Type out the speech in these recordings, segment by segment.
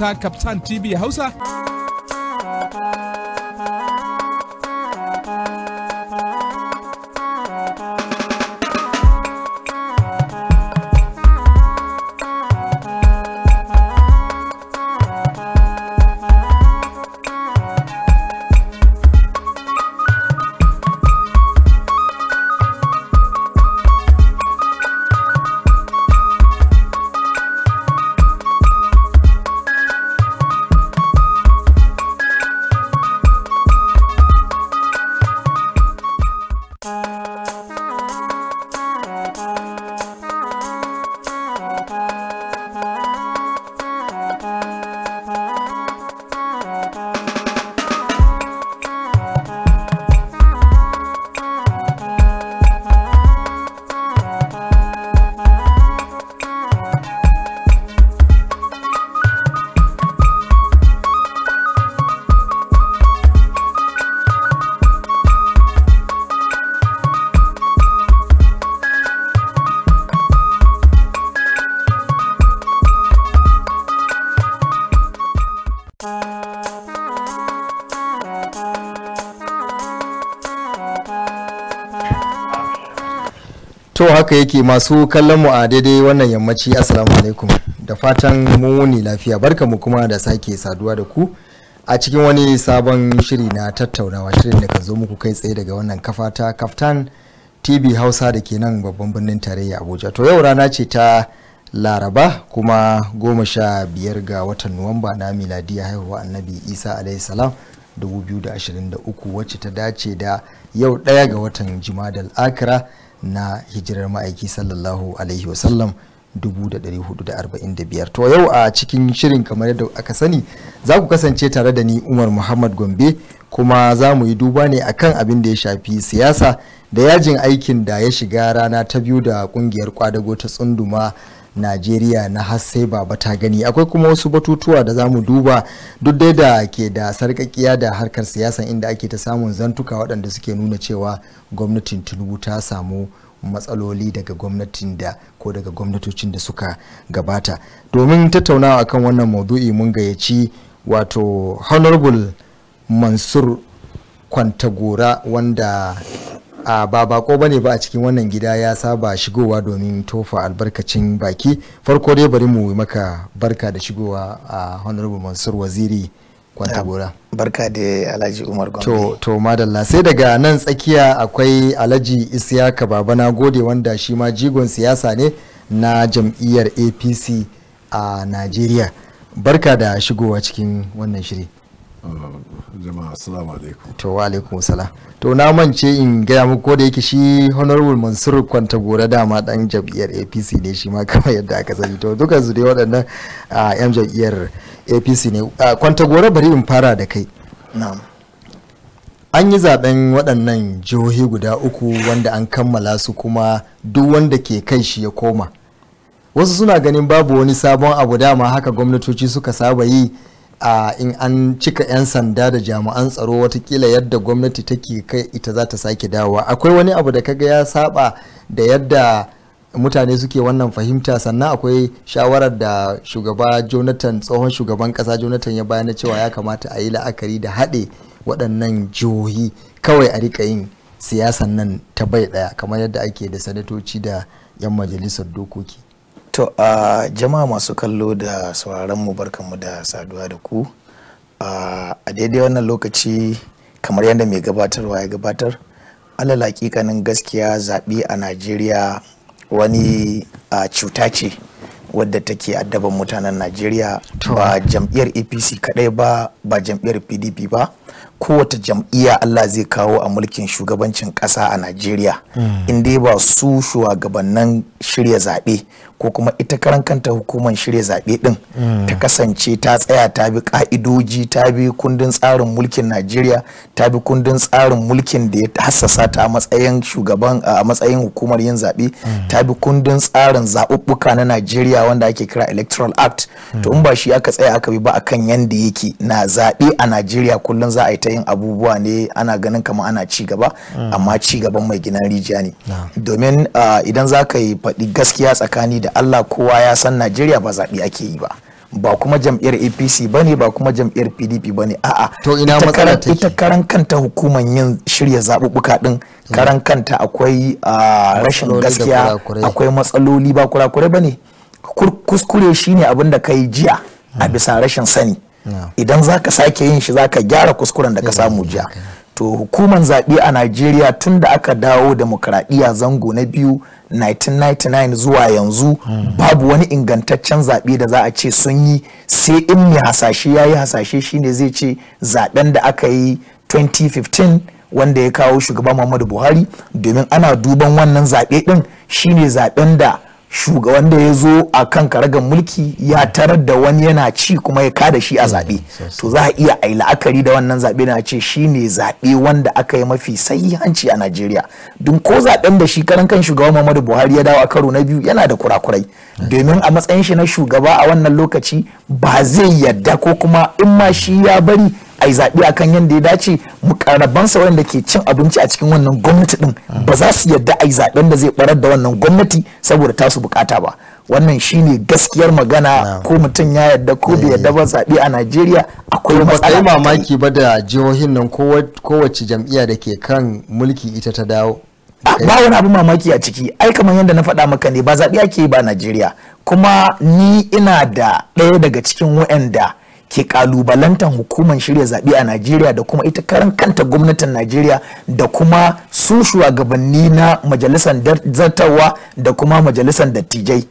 ta Captain TV Hausa. haka yake masu kallon mu a daidai wannan yammaci assalamu alaikum da fatan muni lafiya barka mu kuma da sake saduwa da ku a cikin wani sabon shiri na tattaunawa shirin da kan zo muku kai tsaye daga wannan kafa ta kaftan tv hausa da ke nan babban birnin tarayya abuja to yau rana ce ta laraba kuma goma sha biyar ga watan nuwamba na miladiya haihuwa annabi isa alaihi salam 2023 wacce ta dace da yau ɗaya ga watan jimadal akira na hijirar ma'aiki sallallahu alaihi da biyar to yau a cikin shirin kamar yadda aka sani za ku kasance tare da ni umar muhammad gombe kuma za mu yi duba ne a kan abin da ya shafi siyasa da yajin aikin da ya shiga rana ta biyu da kungiyar kwadago ta tsunduma najeriya na har sai baba ta gani akwai kuma wasu batutuwa da zamu duba duk dai da ke da sarkakiya da harkar siyasa inda ake ta samun zantuka waɗanda suke nuna cewa gwamnatin tinubu ta samu matsaloli daga gwamnatin da ko daga gwamnatocin da suka gabata domin tattaunawa akan wannan maudu'i mun gayyaci wato honorable mansur kwantagora wanda a ba bako bane ba a cikin wannan gida ya saba shigowa domin tofa albarkacin baki farko dai bari mu maka barka da shigowa a honorable mansur waziri kwantagora barka da alhaji umar gombe to, to madalla sai daga nan tsakiya akwai alhaji isiyaka babana gode wanda shi ma jigon siyasa ne na jam'iyyar apc a najeriya barka da shigowa cikin wannan shiri Eh, jama'a assalamu alaikum to wa alaikum sala to na mance in gaya muku ko da yake shi honorable mansur kwanta gora dama dan jam'iyyar apc ne shi ma kamar yadda aka sani to duka su dai waɗannan yan jam'iyyar apc ne kwanta gora bari in fara da kai na'am an yi zaben waɗannan jihohi guda uku wanda an kammala su kuma duk wanda ke kai shi ya koma wasu suna ganin babu wani sabon abu dama haka gwamnatoci suka saba yi a in an cika 'yan sanda da jami'an tsaro watakila yadda gwamnati take kai ita za ta sake dawowa akwai wani abu da kaga ya saba da yadda mutane suke wannan fahimta sannan akwai shawarar da shugaba jonathan tsohon shugaban kasa jonathan ya bayana cewa ya kamata a yi la'akari da haɗe waɗannan jihohi kawai a rika yin siyasan nan ta bai ɗaya kamar yadda ake da sanatoci da 'yan majalisar dokoki To a uh, jama'a masu kallo da sauraron mu barkanmu da saduwa da ku uh, a daidai wannan lokaci kamar yadda mai gabatarwa ya gabatar alal hakikanin gaskiya zaɓe a Najeriya wani uh, cuta ce wadda take addaban mutanen Najeriya ba jam'iyyar APC kaɗai ba ba jam'iyyar PDP ba kowace jam'iyya Allah zai kawo a mulkin shugabancin ƙasa a Najeriya in dai ba su shugabannin shirya zaɓe ko kuma ita karan kanta hukumar shirya zaɓe ɗin ta kasance ta tsaya ta bi ƙa'idoji ta bi kundin tsarin mulkin Najeriya ta bi kundin tsarin mulkin da ya hassasa ta matsayin shugaban a matsayin hukumar yin zaɓe ta bi kundin tsarin zaɓuɓɓuka na Najeriya wanda ake kira Electoral Act to in ba shi aka tsaya aka bi ba akan yanda yake na zaɓe a Najeriya kullum za a yi ta yin abubuwa ne ana ganin kamar ana ci gaba mm. amma ci gaban mai gina rijiya ne domin idan za ka yi faɗi gaskiya tsakani da allah kowa ya san najeriya ba zaɓi ake yi ba ba kuma jam'iyyar apc ba ne ba kuma jam'iyyar pdp ba ne a'a to ina take ita karan kanta hukumar yin shirya zaɓuɓɓuka ɗin mm. karan kanta akwai rashin gaskiya akwai matsaloli ba kurakurai ba ne kuskure shine abin da kai jiya a mm. bisa rashin sani idan zaka sake yin shi za ka gyara kuskuren da ka samu jiya to hukuman zaɓe a najeriya tun da aka dawo demokradiyya zango na biyu 1999 zuwa yanzu hmm. babu wani ingantaccen zaɓe da za a ce sun yi sai in mai hasashe ya yi hasashe shine zai ce zaɓen da aka yi 2015 wanda ya kawo shugaban muhammadu buhari domin ana duban wannan zaɓe ɗin shine zaɓen da shugaban wanda ya zo a kan karagar mulki ya tarar da wani yana ci kuma ya kada shi a mm, zaɓe to za a iya ayi la'akari da wannan zaɓe na ce shi ne zaɓe wanda aka yi mafi hanci a najeriya don ko zaɓen da shi karan kan shugaban muhammadu buhari ya dawo a karo na biyu yana da kurakurai mm. domin a matsayin shi na shugaba a wannan lokaci ba zai yadda ko kuma in ma shi ya bari a yi a kan yadda ya dace mukarrabansa wanda ke cin abinci a cikin wannan gwamnati din ba za su yarda a yi zaɓen da zai barar da wannan gwamnati saboda tasu bukata ba wannan shine gaskiyar magana ko mutum ya yarda ko bai yarda ba zaɓe a najeriya akwai matsala ba mamaki ba da jihohin nan kowace jam'iyya da ke kan mulki ita ta dawo ba wani abu mamaki a ciki ai kamar yadda na faɗa maka ne ba zaɓe ake ba najeriya kuma ni ina da ɗaya daga cikin waɗanda ke kalubalantar hukumar shirya zaɓe a najeriya da kuma ita karan kanta gwamnatin najeriya da kuma su shugabanni na majalisar zartarwa da kuma majalisar dattijai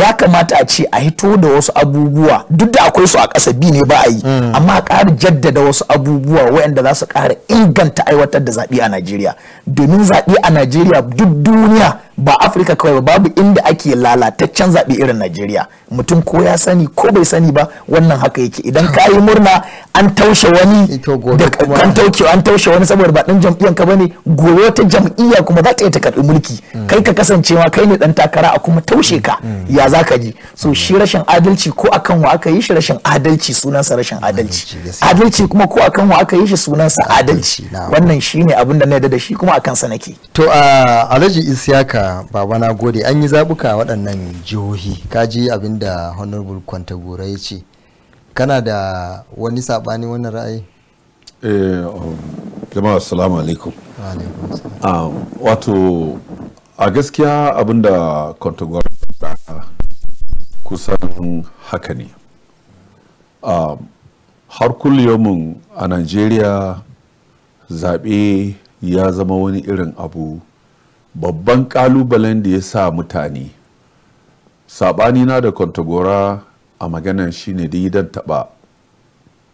ya kamata a ce a hito da wasu abubuwa duk da akwai su a ƙasa bi ne ba a yi mm. amma a ƙara jaddada wasu abubuwa waɗanda za su ƙara inganta aiwatar da zaɓe a najeriya domin zaɓe a najeriya duk duniya ba afirka kawai ba babu inda ake lalataccen zaɓe irin najeriya mutum ko ya sani ko bai sani ba wannan haka yake idan ka yi murna an taushe wani kan tauke an taushe wani saboda ba ɗan jam'iyyar ka bane gobe ta jam'iyya kuma za ta yi takardu mulki mm. kai ka kasance ma kai ne ɗan takara a kuma taushe ka mm. ya za ka ji so shi mm. rashin adalci ko akan wa aka yi shi rashin adalci sunansa rashin adalci adalci kuma ko akan wa aka yi shi sunansa adalci wannan shine abin da na yarda da shi kuma akan sa nake to alhaji isiyaka Allah baba na gode an yi zabuka waɗannan jihohi kaji abin da honorable kwantagora ya ce kana da wani saɓani wannan ra'ayi eh, um, jama'a assalamu alaikum ah, wato a gaskiya abin da kwantagora kusan haka ne ah, har kulliyomin a najeriya zaɓe ya zama wani irin abu babban kalubalen da ya sa mutane saɓani na da kwantagora a maganan shine da idan taɓa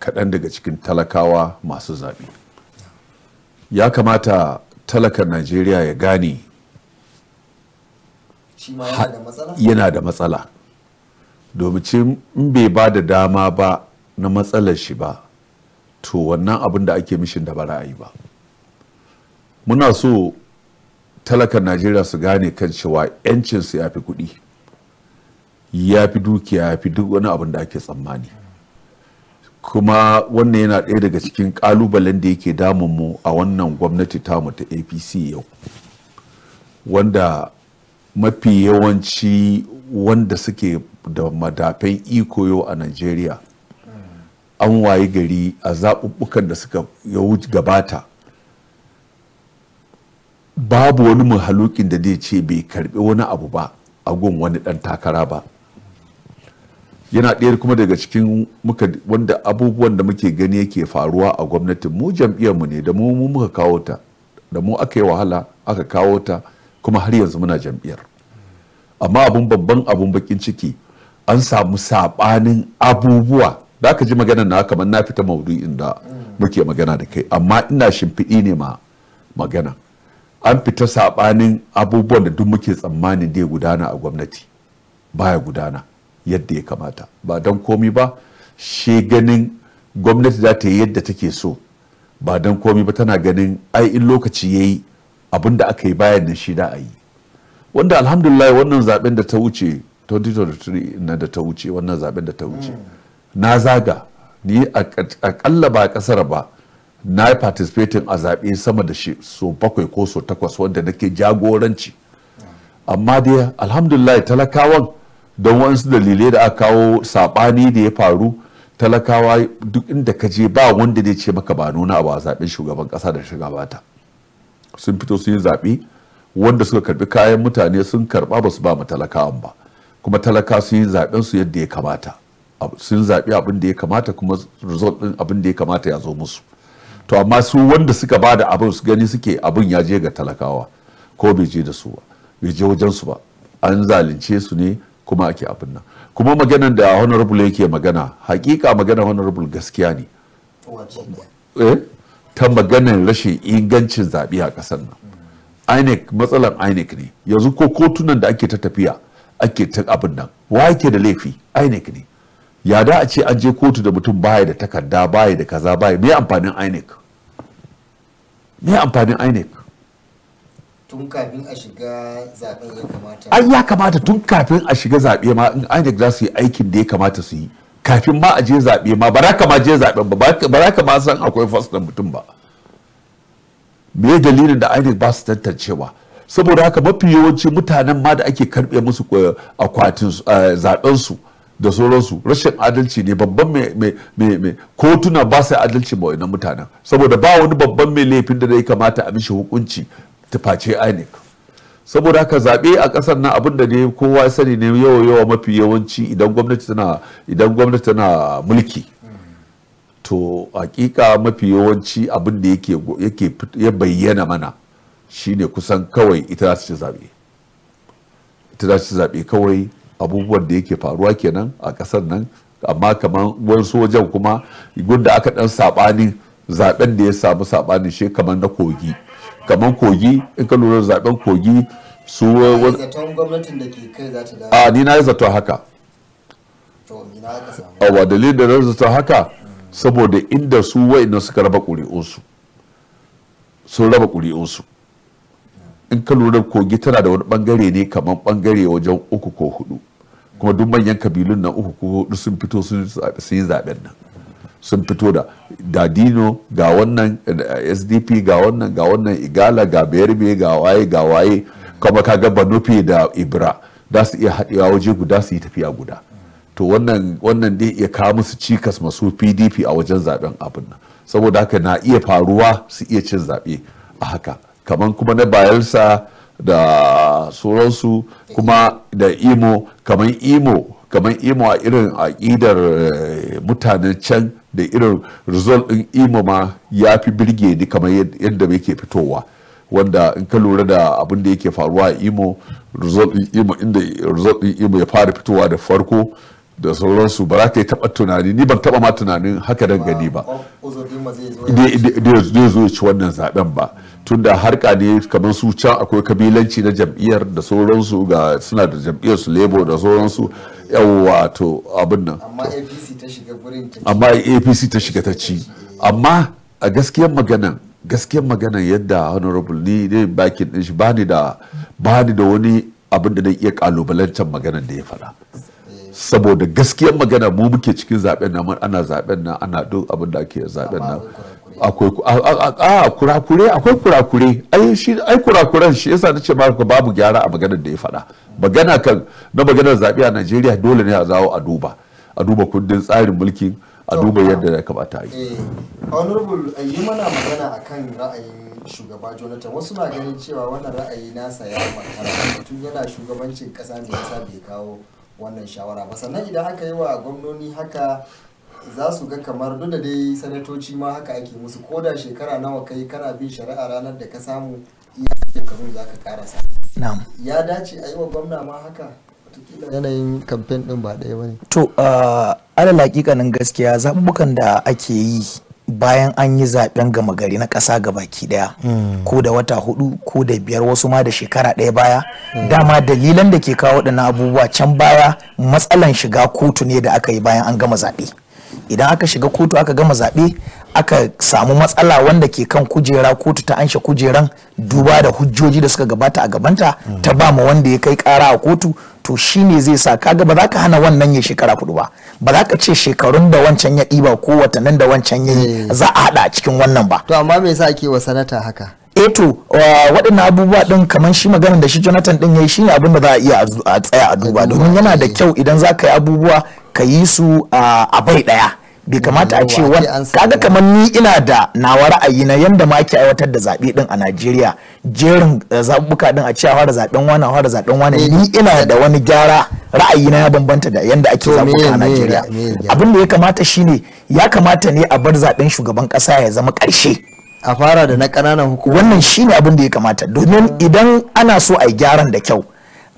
kaɗan daga cikin talakawa masu zaɓe ya kamata talakan najeriya ya gane yana da matsala domin in bai ba da dama ba na matsalar shi ba to wannan abin da ake mishin da ba ra'ayi ba muna so talakan najeriya su gane kan cewa yancinsu ya fi kuɗi ya fi dukiya ya fi duk wani abin da ake tsammani kuma wannan yana ɗaya daga cikin ƙalubalen da yake damunmu a wannan gwamnati tamu ta apc yau wanda mafi yawanci wanda suke da madafai iko yau a najeriya an wayi gari a zaɓuɓɓukan da suka yau gabata babu wani mahalukin da zai ce bai karbi wani abu ba a gun wani dan takara ba yana ɗaya kuma daga cikin wanda abubuwan da muke gani yake faruwa a gwamnatin mu jam'iyyar mu ne da mu muka kawo ta da mu aka yi wahala aka kawo ta kuma har yanzu muna jam'iyyar amma abun babban abun bakin ciki an samu sabanin abubuwa da aka ji magana na kamar na fita maudu'in da muke magana da kai amma ina shimfiɗi ne ma magana an fita saɓanin abubuwan da duk muke tsammanin da ya gudana a gwamnati baya gudana yadda ya kamata ba don komi ba shi ganin gwamnati za ta yi yadda take so ba don komi ba tana ganin ai in lokaci ya yi abin da aka yi bayan nan shida a yi wanda alhamdulillah wannan zaben da ta wuce 2023 na da ta wuce wannan zaben da ta wuce hmm. na zaga ni akalla ba ƙasar ba na yi participating a zaɓe sama da shi so bakwai ko so takwas wanda nake jagoranci amma dai alhamdulillah talakawan don wasu dalilai da aka kawo saɓani da ya faru talakawa duk inda ka je ba wanda zai ce maka ba nuna ba zaɓen shugaban ƙasa da shugabata sun fito sun yi zaɓe wanda suka karbi kayan mutane sun karɓa ba su ba mu talakawan ba kuma talaka sun yi zaɓen su yadda ya kamata sun zaɓi abin da ya kamata kuma result ɗin abin da ya kamata ya zo musu to amma su wanda suka ba da abin su gani suke abin ya je ga talakawa ko bai je da su ba bai je wajen su ba an zalunce su ne kuma ake abin nan kuma maganan da honorable yake magana hakika magana honorable gaskiya ne eh? ta maganar rashin ingancin zaɓe a ƙasar nan inec matsalar inec ne yanzu ko kotunan da ake ta tafiya ake ta abin nan wa yake da laifi inec ne yada a ce an je kotu da mutum baya da takarda baya da kaza baya me amfanin inec me amfanin INEC tun kafin a shiga zaɓe ya kamata ai ya kamata tun kafin a shiga zaɓe ma in INEC za su yi aikin da ya kamata su yi kafin ma a je zaɓe ma ba za ka ma je zaɓe ba ba za ka ma san akwai fasitan mutum ba me dalilin da INEC ba su tantancewa saboda haka mafi yawanci mutanen ma da ake karɓe musu eh, akwatin zaɓensu. su eh, da sauransu rashin adalci ne babban mai kotuna ba sai adalci ba wani mutanen saboda ba wani babban mai laifin da zai kamata a mishi hukunci tuface inec saboda haka zaɓe a ƙasar nan abin da ne kowa sani ne yawa yawa mafi yawanci idan gwamnati tana idan gwamnati tana mulki to hakika mafi yawanci abin da yake ya bayyana mana shine kusan kawai ita za ta ci zaɓe kawai abubuwan da yake faruwa kenan a ƙasar nan amma kamar wasu wajen kuma gunda aka ɗan sabani zaɓen da ya samu sabani shi kamar na kogi kamar kogi in ka lura zaɓen kogi su zaton gwamnatin da ke kai za ta a ni na yi zaton haka a dalilin da zaton haka saboda inda su na suka raba ƙuri'unsu sun raba ƙuri'unsu in ka lura kogi tana da wani bangare ne kamar bangare wajen uku ko hudu kuma duk manyan kabilun na uku ko hudu sun fito sun yi zaben nan sun fito da dadino ga wannan eh, sdp ga wannan ga wannan igala ga berbe ga waye ga waye kuma kaga banufi da ibra da su iya haɗewa waje guda su yi tafiya guda to wannan wannan dai iya kawo musu cikas masu pdp a wajen zaben abin nan saboda haka na iya faruwa su iya cin zaɓe a haka kamar kuma na bayelsa da sauransu kuma da imo kamar imo kamar imo a irin aƙidar eh, mutanen can da irin result ɗin imo ma ya fi birge ni kamar yadda ke fitowa wanda in ka lura da abin da yake faruwa a imo result ɗin imo inda result ɗin imo ya fara fitowa da farko da sauransu ba za ka yi taba tunani ni ban taba ma tunanin haka dan gani ba zai zo ci wannan zaben ba tunda harka ne kamar su can akwai kabilanci na jam'iyyar da sauransu ga suna da jam'iyyar su lebo da sauransu yawwa to abin nan amma apc ta shiga ta ci amma a gaskiyar maganan gaskiyar maganan yadda honorable ni ne bakin din shi bani da da wani abin da na iya can maganan da ya faɗa saboda gaskiyar magana mu muke cikin zaben nan ana zaben nan ana duk abin da ake zaben nan akwai kurakure akwai kurakure ai shi ai kurakuran shi yasa nace ma babu gyara a maganar da ya faɗa magana kan na maganar zaɓe a Najeriya dole ne a zawo a duba a duba kundin tsarin mulki a duba yadda ya kamata yi eh, honorable yi mana magana akan ra'ayin shugaba jonathan wasu na ganin cewa wannan ra'ayi nasa ya makara tun yana shugabancin kasa ne yasa bai kawo wannan shawara ba sannan idan haka yi wa gwamnoni haka za su ga kamar duk da dai sanatoci ma haka ake musu ko da shekara nawa kai kana bin shari'a ranar da ka samu iya shekarun za ka karasa ya dace a yi wa gwamna ma haka yanayin kamfen din ba ɗaya ba ne to ah, alal hakikanin gaskiya zaɓuɓɓukan da ake yi bayan an yi zaben gama gari na ƙasa ga baki daya hmm. ko da wata hudu ko da biyar wasu ma da shekara ɗaya baya dama dalilan da ke kawo waɗannan abubuwa can baya matsalan shiga kotu ne da aka yi bayan an gama zaɓe idan aka shiga kotu aka gama zaɓe aka samu matsala wanda ke kan kujera kotu ta anshe kujeran duba da hujjoji da suka gabata a gabanta ta ba ma wanda ya kai kara a kotu to shi ne zai sa kaga ba za ka hana wannan ya shekara hudu ba ba za ka ce shekarun da wancan ya ɗiba ko watannin da wancan ya yi eh. za a haɗa a cikin wannan ba to amma me yasa ake wa sanata haka e to waɗannan abubuwa ɗin kamar shi maganar da shi jonathan ɗin ya yi shine abin da za a iya a tsaya a duba domin yana da kyau idan za ka yi abubuwa ka yi su a bai ɗaya bai kamata a ce kaga kamar ni ina da nawa ra'ayi na yanda ma ake aiwatar da zaɓe din a Najeriya jerin eh, zaɓuɓɓuka din a ce a fara zaɓen wani a fara zaɓen wani ni ina da wani gyara ra'ayi na ya bambanta da yanda ake zaɓuɓɓuka a Najeriya abin da ya kamata shine ya kamata ne a bar zaɓen shugaban ƙasa ya zama ƙarshe a fara da na ƙananan hukuma wannan shine abin da ya kamata domin ah. idan ana so a yi gyaran da kyau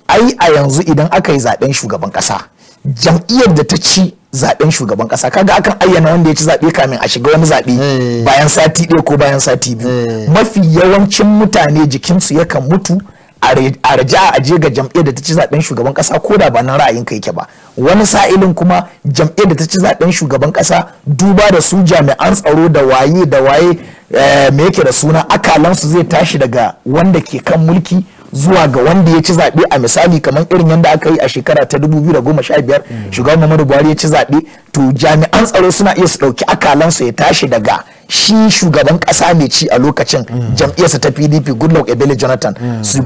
ai a yanzu idan aka yi zaɓen shugaban ƙasa jam'iyyar da ta ci zaben shugaban kasa kaga akan ayyana wanda ya ci zabe kamin a shiga wani zabe eh. bayan sati ɗaya ko bayan sati biyu eh. mafi yawancin mutane jikinsu yakan mutu a raja a je ga jam'iyyar da ta ci zaben shugaban kasa ko da ba nan ra'ayin ka yake ba wani sa'ilin kuma jam'iyyar da ta ci zaben shugaban kasa duba da su jami'an tsaro da waye da waye eh, me yake da suna akalansu zai tashi daga wanda ke kan mulki zuwa ga wanda ya ci zaɓe a misali kamar irin yadda aka yi a shekara ta 2015 shugaban Muhammadu Buhari ya ci zaɓe to jami'an tsaro suna iya su ɗauki akalansu ya tashi daga shi shugaban ƙasa mai ci a lokacin jam'iyyarsa ta PDP Goodluck Ebele Jonathan su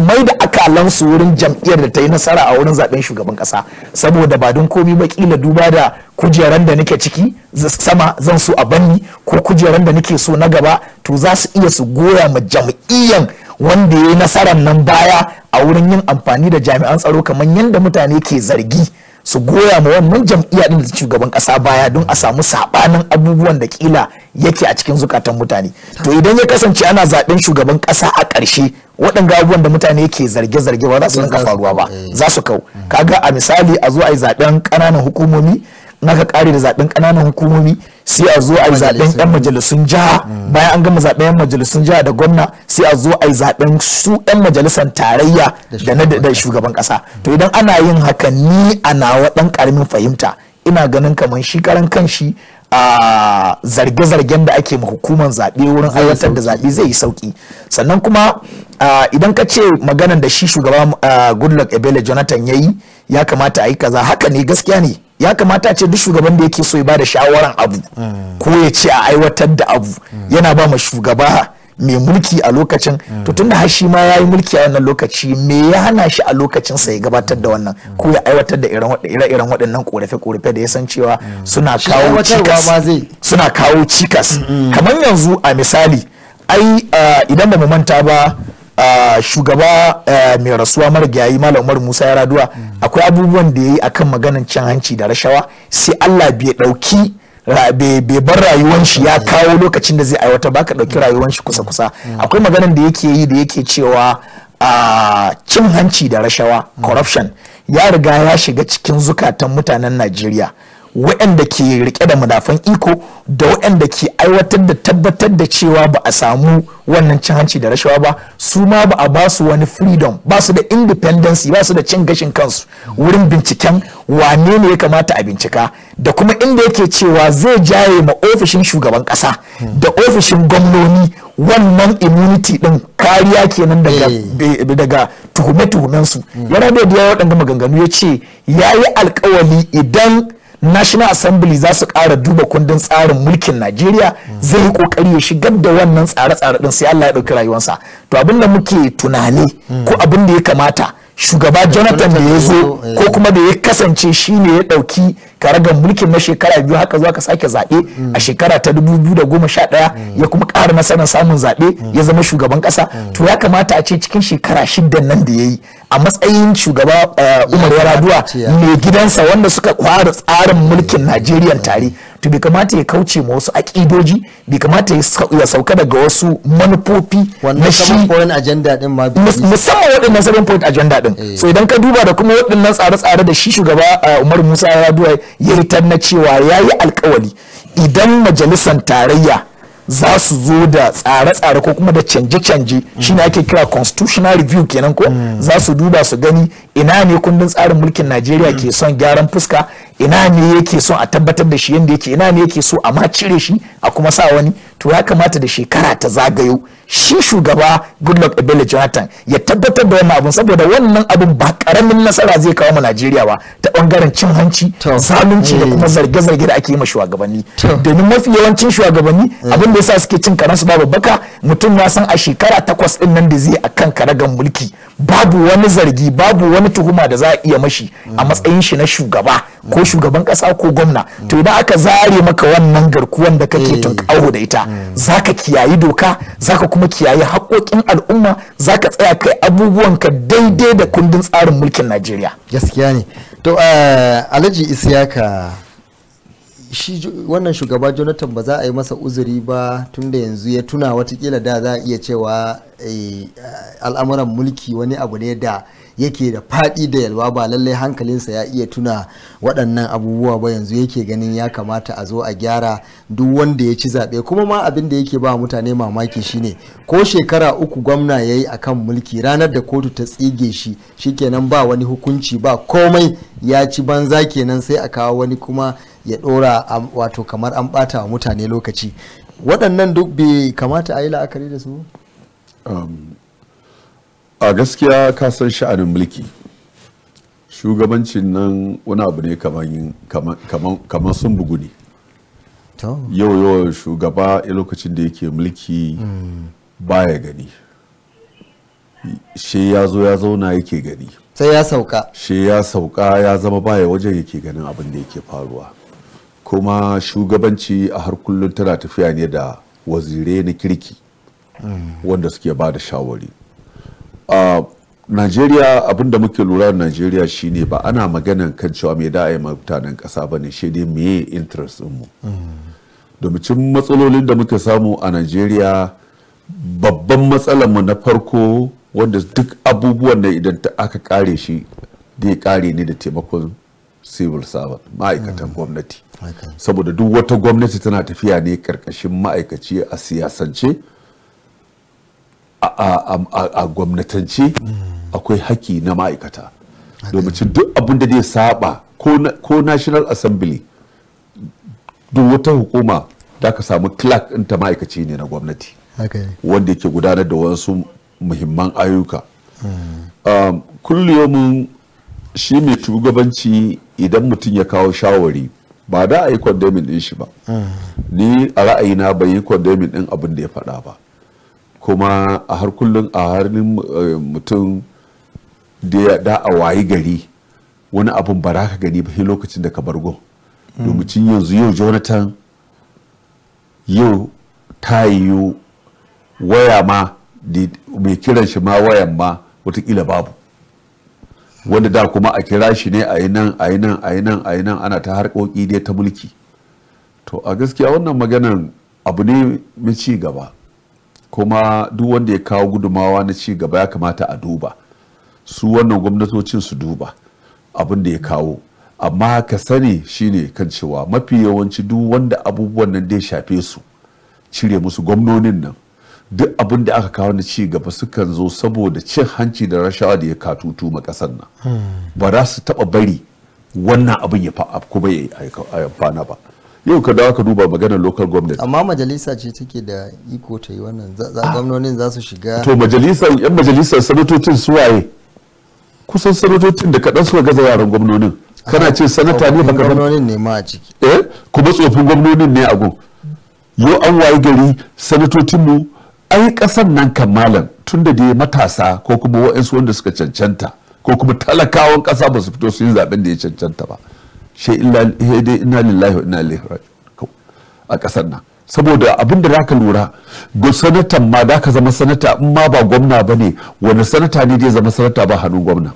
mai da akalansu wurin jam'iyyar da ta yi nasara a wurin zaɓen shugaban ƙasa saboda ba don komi ba kila duba da kujeran da nake ciki sama zan so a banni ko kujeran da nake so na gaba to za su iya su goya ma jam'iyyan wanda ya yi nasarar nan baya a wurin yin amfani da jami'an tsaro kamar yadda mutane ke zargi su goya ma wannan jam'iyya din da shugaban kasa baya don a samu sabanin abubuwan da kila yake a cikin zukatan mutane to idan ya kasance ana zaben shugaban kasa a ƙarshe waɗanda abubuwan da mutane ke zarge-zarge ba za su rinka faruwa ba eh. za su kau kaga a misali a zo a yi zaben ƙananan hukumomi naka ƙare da zaben ƙananan hukumomi sai a zo a yi zaben yan majalisun jiha mm. bayan an gama zaɓen yan majalisun jiha da gwamna sai a zo a yi zaɓen su yan majalisan tarayya da na da shugaban kasa mm. to idan ana yin haka ni a nawa dan karamin fahimta ina ganin kamar shi karan kanshi a zarge-zargen da ake ma hukumar zaɓe wurin aiwatar da zaɓe zai yi sauƙi sannan kuma idan ka ce maganan da shi shugaba goodluck ebele jonathan ya yi ya kamata a yi kaza haka ne gaskiya ne ya kamata a ce duk shugaban da yake so ya bada shawaran abu ko ya ce a aiwatar da abu yana ba ma shugaba mai mulki a lokacin to tunda har shi ma yayi mulki a wannan lokaci me ya hana shi a lokacin sa ya gabatar da wannan ko ya aiwatar da ire-iren waɗannan korafe-korafe da ya san cewa suna kawo cikas suna kawo cikas kamar yanzu a misali ai ah, idan ba mu manta ba shugaba mai rasuwa marigayi malam umar musa ya raduwa akwai abubuwan da ya yi akan maganan cin hanci da rashawa sai allah bai ɗauki bai bar rayuwan shi ya kawo lokacin da zai aiwata baka ɗauki rayuwan shi kusa kusa akwai maganan da yake yi da yake cewa cin hanci da rashawa corruption ya riga ya shiga cikin zukatan mutanen najeriya waɗanda ke riƙe da madafan iko da waɗanda ke aiwatar da tabbatar da cewa ba a samu wannan cin hanci da rashawa ba su ma ba a ba su wani freedom ba su da independence ba su da cin gashin kansu wurin binciken wane ne ya kamata a bincika da kuma inda yake cewa zai jaye ma ofishin shugaban ƙasa da ofishin gwamnoni wannan immunity din kariya kenan eh. daga tuhume-tuhumensu yana da yawa waɗanda maganganu ya ce ya yi alkawali idan national assembly za su ƙara duba kundin tsarin mulkin najeriya zai yi kokari ya shigar da wannan tsare-tsare din sai allah ya dauki rayuwarsa to abin da muke tunani ko abin da ya kamata shugaba jonathan da ya zo ko kuma da ya kasance shine ya dauki. ga mulkin na shekara biyu haka zuwa ka sake zaɓe a shekara ta 2011 ya kuma ƙara nasarar samun zaɓe ya zama shugaban ƙasa to ya kamata a ce cikin shekara shidda nan da ya yi a matsayin shugaba eh, umar yaraduwa mai gidansa wanda suka kwara tsarin mulkin najeriya tare to bai kamata ya kauce ma wasu akidoji bai kamata ya sauka daga wasu manufofi na shi din ma musamman waɗannan seven point agenda din eh. so idan ka duba da kuma waɗannan tsare-tsare da shi shugaba eh, Umar Musa Yar'adua ya yi na cewa ya yi alkawari idan majalisar tarayya za su zo da tsare-tsare ko kuma da canje-canje shi ne ake kira constitutional review kenan ko hmm. za su duba su gani ina ne kundin tsarin mulkin najeriya ke son gyaran fuska ina ne yake so a tabbatar da shi yadda yake ina ne yake so a ma cire shi a kuma sa wani to ya kamata da shekara ta zagayo shi shugaba goodluck ebele jonathan ya tabbatar da wannan abun saboda wannan abun ba karamin nasara zai kawo ma najeriya ba ta bangaren cin hanci zalunci da kuma mm. zarge-zarge da ake yi ma shugabanni domin mafi yawancin shugabanni mm. abin da yasa suke cin karansu babu baka mutum ya san a shekara takwas din nan da zai a kan karagan mulki babu wani zargi babu wani tuhuma da za a iya mashi a mm. matsayin shi na shugaba ko shugaban kasa ko gwamna to idan aka zare maka wannan garkuwan da kake eh. tunkawo da ita hmm. zaka kiyayi doka zaka kuma kiyayi haƙoƙin al'umma zaka tsaya kai abubuwan ka daidai da kundin tsarin mulkin Najeriya gaskiya ne to eh, Alhaji Isiyaka shi wannan shugaba Jonathan ba za a yi masa uzuri ba tunda yanzu ya tuna wata watakila da za a iya cewa eh, al'amuran mulki wani abu ne da yake da faɗi da yalwa ba lallai hankalinsa ya iya tuna waɗannan abubuwa ba yanzu yake ganin ya kamata a zo a gyara duk wanda ya ci zaɓe kuma ma abin da yake ba mutane mamaki shine ko shekara uku gwamna ya yi akan mulki ranar da kotu ta tsige shi shikenan ba wani hukunci ba komai ya ci banza kenan sai a kawo wani kuma ya ɗora wato kamar an ɓata wa mutane lokaci waɗannan duk bai kamata a yi la'akari da su a gaskiya ka san sha'anin mulki shugabancin nan wani abu ne kamar sun bugu ne yau yawan shugaba a lokacin da yake mulki hmm. baya gani she ya zo ya zauna yake gani sai ya sauka she ya sauka ya zama baya wajen yake ganin abin da yake faruwa kuma shugabanci a har kullum tana tafiya ne da wazirai na kirki hmm. wanda suke ba da shawari a najeriya abin da muke lura najeriya shine ba ana maganan kan cewa me da a mutanen kasa ba ne shi dai meye interest mu domin cin matsalolin da muke samu a najeriya babban matsalar mu na farko wanda duk abubuwan da idan ta aka kare shi zai kare ne da taimakon civil servant ma'aikatan gwamnati saboda duk wata gwamnati tana tafiya ne ƙarƙashin ma'aikaci a siyasance a gwamnatance akwai haki na ma'aikata domin duk abin da zai saba ko national assembly duk wata hukuma da ka samu clerk ta ma'aikaci ne na gwamnati wanda yake gudanar da wasu muhimman ayyuka um, kulliyomin shi mai shugabanci idan mutum ya kawo shawari ba da a yi kwandamin din shi ba mm. ni a ra'ayina bai yi kwandamin din abin da ya faɗa ba kuma a har kullum a harin eh, mutum da ya a wayi gari wani abin ba ka gani ba lokacin da ka bargo domin yanzu yau jonathan yau ta yiwu waya ma mai kiran shi ma wayan ma watakila babu wanda da kuma a kira shi ne a yi nan a yi nan a yi nan a yi nan ana ta harkoki dai ta mulki to a gaskiya wannan maganan abu ne na ci gaba kuma duk wanda ya kawo gudumawa na ci gaba ya kamata a duba su wannan gwamnatocin su duba abin da ya kawo amma ka sani shine kan cewa mafi yawanci duk wanda abubuwan nan da ya shafe su cire musu gwamnonin nan duk abin da aka kawo na ci gaba sukan zo saboda cin hanci da rashawa da ya katutu ma kasar nan hmm. ba za su taba bari wannan abin ya fa'a kuma ya amfana ba yau ka dawo ka duba maganar local government amma majalisa ce take da iko ta yi wannan gwamnonin za su shiga to majalisa yan majalisa sanatocin su waye kusan sanatocin da kaɗan suka gaza yaran gwamnonin kana ce sanata ne baka gwamnonin ne ma a ciki eh kuma tsofin gwamnonin ne a go yau an waye gari sanatocin mu ai kasan nan kamalan tun da dai matasa ko kuma wa'ansu wanda suka cancanta ko kuma talakawan kasa ba su fito su yi zaben da ya cancanta ba shi ina lillahi ina a kasar nan saboda abin da zaka lura ga sanatan ma da ka zama sanata in ma ba gwamna ba ne wani sanata ne zai zama sanata ba hannun gwamna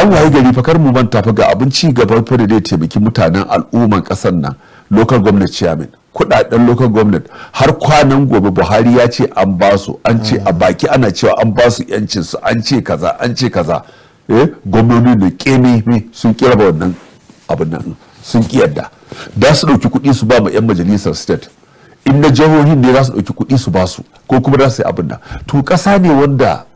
an waye gari fakar mu manta fa ga abin ci gaba fa da zai taimaki mutanen al'umman kasar nan local government chairman kudaden local government har kwanan gobe buhari ya ce an basu an ce a baki ana cewa an basu yancin su an ce kaza an ce kaza Eh? gwamnoni da kemimi sun kira ba wannan abin nan sun kiyarda da su ɗauki kuɗi su ba ma 'yan majalisar state in na jihohin ne za su ɗauki kuɗi su ba su ko kuma za su yi abin nan to kasa ne wanda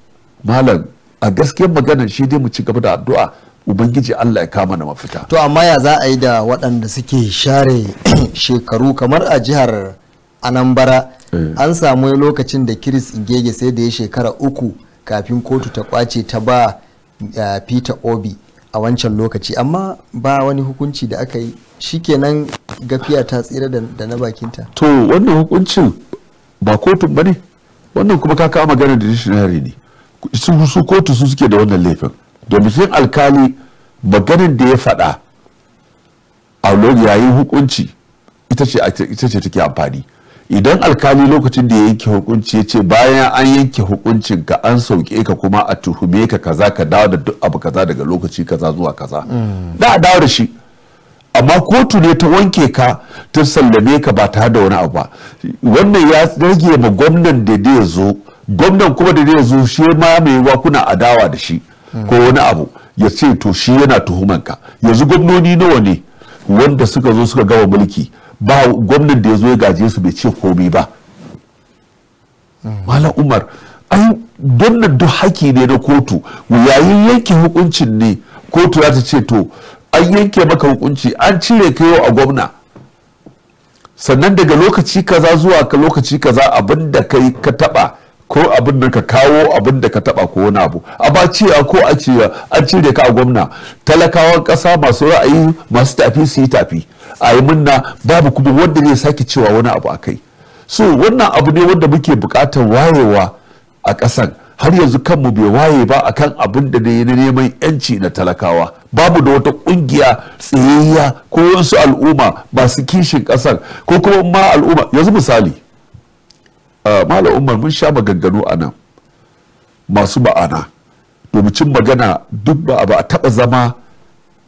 malam a gaskiyar magana shi dai mu ci gaba da addu'a ubangiji allah ya kama na mafita to amma ya za a yi da waɗanda suke share shekaru kamar a jihar anambra eh. an samu lokacin da kiris ingege sai da ya shekara uku kafin kotu ta kwace ta ba peter obi a wancan lokaci amma ba wani hukunci da aka yi shikenan gafiya ta tsira da na bakinta to wannan hukuncin ba kotun ba ne wannan kuma ka kama ganin da dictionary ne su su kotu su suke da wannan laifin domin shi alkali ba ganin da ya faɗa a yayin hukunci ita ce take amfani idan alkali lokacin da ya yanke hukunci ya ce bayan an yanke hukuncin ka an sauke ka kuma a tuhume ka kaza ka dawo da duk abu kaza daga lokaci kaza zuwa kaza mm. da a dawo da shi amma kotu ne ta wanke ka ta sallame ka ba tare da wani abu ba wannan ya rage ma gwamnan da ya zo gwamnan kuma da ya zo shi ma mai wa kuna adawa da shi mm. ko wani abu ya ce to shi yana tuhumanka yanzu gwamnoni nawa ne wanda suka zo suka gama mulki ba gwamnan da ya zo ya gaje su bai ce komai ba malam umar ai gwamnan duk haki ne na kotu yayin yanke hukuncin ne kotu za ta ce to an yanke maka hukunci an cire ka yau a gwamna sannan daga lokaci kaza zuwa ka lokaci kaza abinda da kai ka taba ko abin da ka kawo abin da ka taba ko wani abu a baciya ko a ciya an cire ka a gwamna talakawan ƙasa masu ra'ayi masu tafi su yi tafi a yi munna babu kuma wanda zai sake cewa wani abu a kai so wannan abu ne wanda muke buƙatar wayewa a ƙasan har yanzu kanmu bai waye ba akan abin da ne na neman yanci na talakawa babu da wata kungiya tsayayya ko wasu al'umma masu kishin ƙasar ko kuma ma al'umma yanzu misali Eh, malam umar mun sha maganganu a nan masu ma'ana domin magana duk ba a taɓa zama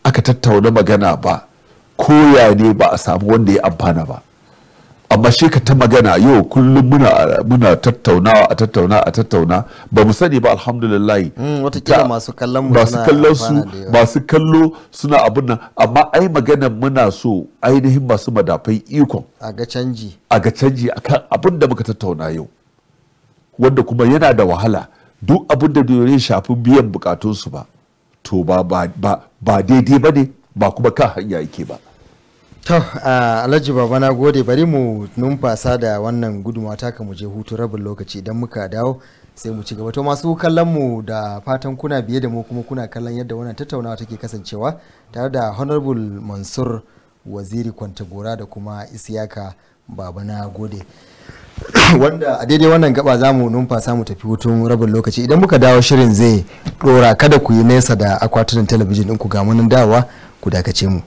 aka tattauna magana ba koya ne ba a samu wanda ya amfana ba amma shi ka ta magana yau kullum muna muna tattaunawa a tattauna a tattauna ba mu sani ba alhamdulillah mm, masu kallon su masu kallo suna abin nan amma ai magana muna so ainihin masu madafai ikon a ga canji a ga akan abin da muka tattauna yau wanda kuma yana da wahala duk abin da bai shafi biyan bukatunsu ba to ba ba daidai ba ne ba kuma kan hanya yake ba to alhaji baba na gode bari mu numfasa da wannan guduma taka mu je hutu rabin lokaci idan muka dawo sai mu ci gaba to masu kallon mu da fatan kuna biye da mu kuma kuna kallon yadda wannan tattaunawa take kasancewa tare da honorable mansur waziri kwantagora da kuma isiyaka baba na gode wanda a daidai wannan gaba za mu numfasa mu tafi hutun rabin lokaci idan muka dawo shirin zai dora kada ku yi nesa da akwatunan talabijin ɗinku ga munin dawa ku dakace mu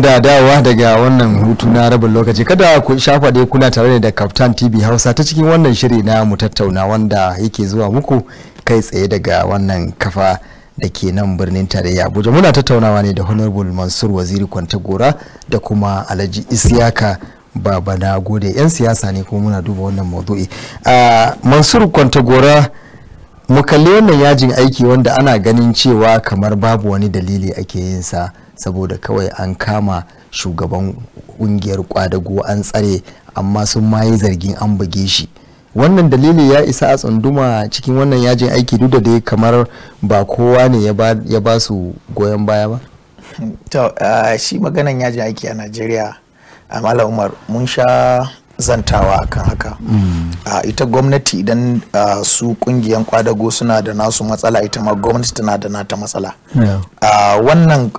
da dawa daga wannan hutu na rabin lokaci kada ku shafa dai kuna tare da kaftan TV Hausa ta cikin wannan shiri na mu tattauna wanda yake zuwa muku kai tsaye daga wannan kafa da ke nan birnin tarayya Abuja muna tattaunawa ne da Honorable Mansur Waziri Kwantagora da kuma Alhaji Isiyaka Baba na gode 'yan siyasa ne kuma muna duba wannan maudu'i. Mansur Kwantagora mu kalli wannan yajin aiki wanda ana ganin cewa kamar babu wani dalili ake yin sa. saboda kawai an kama shugaban kungiyar kwadago an tsare amma sun ma zargin an buge shi wannan dalili ya isa a tsunduma cikin wannan yajin aiki duk da dai kamar ba kowa ne ya ba su goyon baya ba to shi maganan yajin aiki a najeriya a malam umar mun sha zantawa akan haka mm. a ah, ita gwamnati idan ah, su kungiyan kwadago suna da nasu matsala ita ma gwamnati tana da nata matsala ah, wannan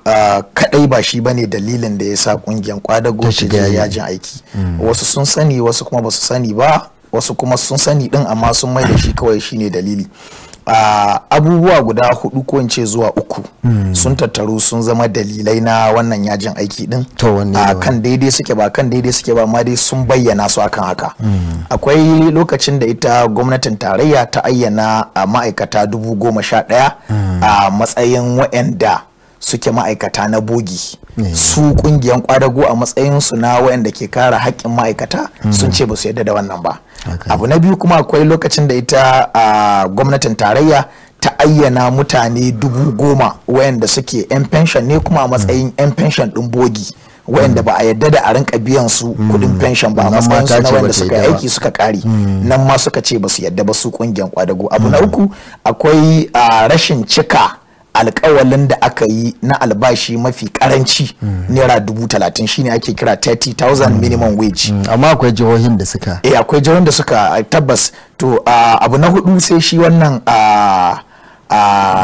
kadai ba shi bane dalilin da ya sa kungiyan kwadago ta shiga yajin aiki mm. wasu sun sani wasu kuma ba su sani ba wasu kuma sun sani din amma sun mai da shi kawai shine dalili uh, abubuwa guda hudu ko ce zuwa uku mm. sun tattaru sun zama dalilai na wannan yajin aiki din a uh, kan daidai suke ba kan daidai suke ba ma dai sun bayyana su akan haka mm. akwai lokacin da ita gwamnatin tarayya ta ayyana a ma'aikata dubu goma sha ɗaya hmm. a matsayin waɗanda suke ma'aikata na bogi su kungiyan kwadago a matsayin su na wayanda ke kare haƙƙin ma'aikata sun hmm. ce ba su yadda da wannan ba abu na biyu kuma akwai lokacin da ita a gwamnatin tarayya ta ayyana mutane dubu goma wayanda suke 'yan pension ne kuma a hmm. matsayin 'yan pension ɗin bogi wayanda hmm. ba a yadda da a rinka biyan su kudin pension ba a matsayin su na wayanda suka aiki suka kare nan ma suka ce ba su yadda ba su kungiyan kwadago abu na uku akwai rashin cika alƙawalin da aka yi na albashi mafi karanci naira dubu talatin shine ake kira 30,000 minimum wage mm, amma akwai jihohin da suka eh akwai jihohin da suka tabbas to abu na hudu sai shi wannan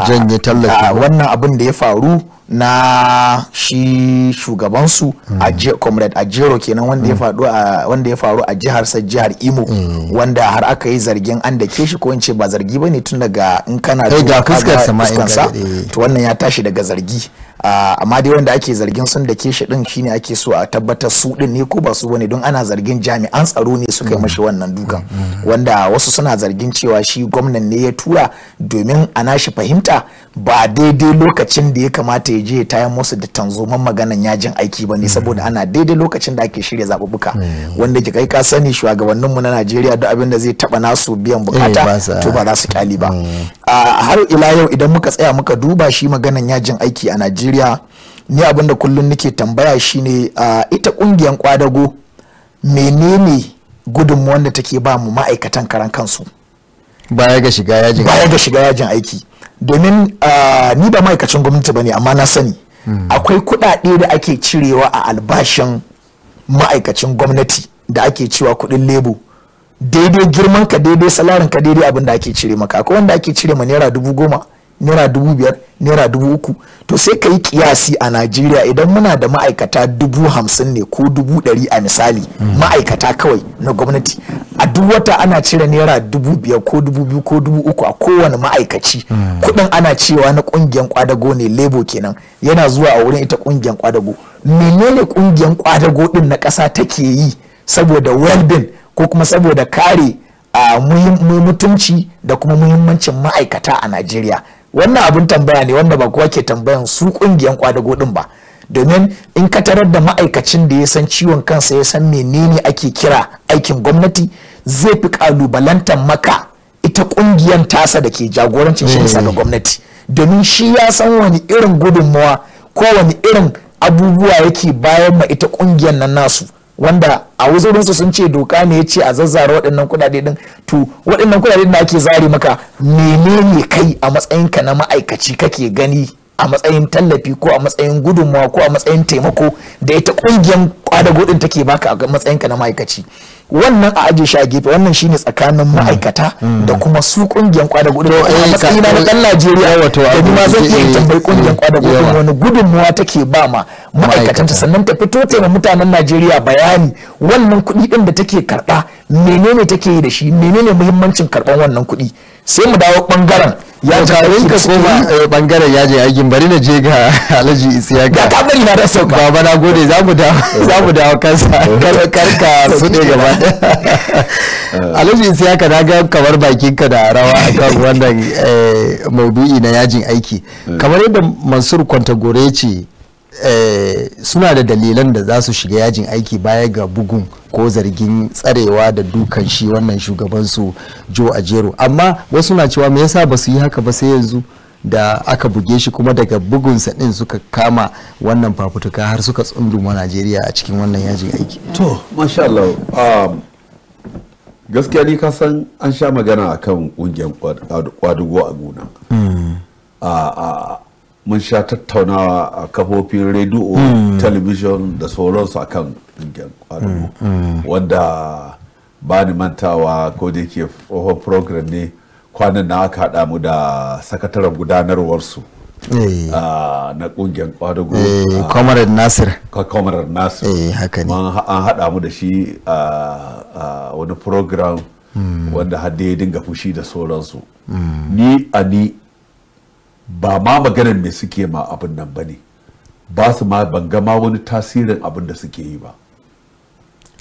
janye tallafi wannan abin da ya faru na shi shugabansu hmm. comrade ajero kenan wanda ya hmm. faru a wanda ya faru a jihar sa jihar Imo hmm. wanda har aka yi zargin an dake shi ko ce ba zargi bane tun daga in kana da to wannan ya tashi daga zargi amma dai wanda ake zargin sun dake shi din shine ake so a tabbatar su din ne ko ba su bane don ana zargin jami'an tsaro ne suka yi mashi wannan dukan wanda wasu suna zargin cewa shi gwamnan ne ya tura domin ana shi fahimta ba daidai lokacin da ya kamata je ta tayan musu da tanzoman maganan yajin aiki ba ne mm. saboda ana daidai lokacin da ake shirya zaɓuɓɓuka mm. wanda ki kai ka sani shugabannin mu na Najeriya duk abin da zai taba nasu biyan eh, bukata to ba za su kyali ba mm. a har ila yau idan muka tsaya muka duba shi maganan yajin aiki a Najeriya ni abin da kullum nake tambaya shine ita kungiyar kwadago menene gudunmu wanda take ba mu ma'aikatan karan kansu baya ga shiga yajin aiki domin ah, ni ba ma'aikacin gwamnati ba ne amma na sani hmm. akwai kuɗaɗe da ake cirewa a albashin ma'aikacin gwamnati da ake cewa kuɗin lebo daidai girman ka daidai salarin ka daidai abin da ake cire maka akwai wanda ake cire ma naira dubu goma naira dubu biyar naira dubu uku to sai ka yi kiyasi a najeriya idan muna da ma'aikata dubu hamsin ne ko dubu ɗari a misali hmm. ma'aikata kawai na gwamnati a duk wata ana cire naira dubu biyar ko dubu biyu ko dubu uku a kowane ma'aikaci hmm. kuɗin ana cewa na ƙungiyan kwadago ne lebo kenan yana zuwa a wurin ita kungiyan kwadago menene ƙungiyan kwadago din na ƙasa take yi saboda welbin ko kuma saboda kare a mutunci da kuma muhimmancin ma'aikata a najeriya wannan abin tambaya ne wanda ba kowa ke tambayan su ƙungiyar kwadago din ba domin in ka tarar da ma'aikacin da ya san ciwon kansa ya san menene ake kira aikin gwamnati zai fi kalubalantar maka ita kungiyar tasa da ke jagorancin shi bisa ga eh. gwamnati domin shi ya san wani irin gudunmawa ko wani irin abubuwa yake bayan ma ita kungiyar nan nasu wanda a wuzurinsu sun ce doka ne ya ce a zazzara waɗannan kuɗaɗe din to waɗannan kuɗaɗe da ake zare maka menene kai a matsayinka na ma'aikaci kake gani a matsayin tallafi ko a matsayin gudunmawa ko a matsayin taimako da ita ƙungiyar kwadago ɗin take baka a matsayinka na ma'aikaci wannan a aje shi a gefe wannan shine tsakanin hmm. ma'aikata hmm. da kuma su kungiyar kwada gudu a eh, matsayin na dan eh, Najeriya da ni ma zan iya tambayi kungiyar eh, kwada gudu wani gudunmuwa take ba ma ma'aikatanta sannan ta fito ta ma mutanen Najeriya bayani wannan kuɗi ɗin da take karɓa menene take yi da shi menene muhimmancin karɓan wannan kuɗi sai mu dawo ɓangaren. ya tarin ka koma eh, bangaren yaji aikin bari na je ga alhaji isiya ga ka bari na da ba ba na gode za mu dawo za mu dawo kansa karka su ne gaba alhaji isiya ka na ga kamar bakin ka da rawa akan wannan eh, maudu'i na yajin aiki eh. kamar yadda mansur gore ce suna da dalilan da za su shiga yajin aiki baya ga bugun ko zargin tsarewa da dukan shi wannan shugaban su jo ajero amma wasu na cewa me yasa ba su yi haka ba sai yanzu da aka buge shi kuma daga bugunsa din suka kama wannan fafutuka har suka tsunduma najeriya a cikin wannan yajin aiki to masha Allah um, gaskiya ni ka san an sha magana akan kungiyar kwadugo a gona hmm. mun sha tattaunawa a kafofin rediyo mm. television da sauransu a kan kwadago mm, mm. wanda ba ni mantawa ko da yake program ne kwanan na aka haɗa mu da sakataren gudanarwarsu eh. na kungiyar kwadago eh, comrade nasir comrade nasir eh, an haɗa mu da shi a wani program wanda hadde ya dinga fushi da sauransu ni a ni ba ma maganar me suke ma abin nan ba ne ba su ma ban gama wani tasirin abin da suke yi ba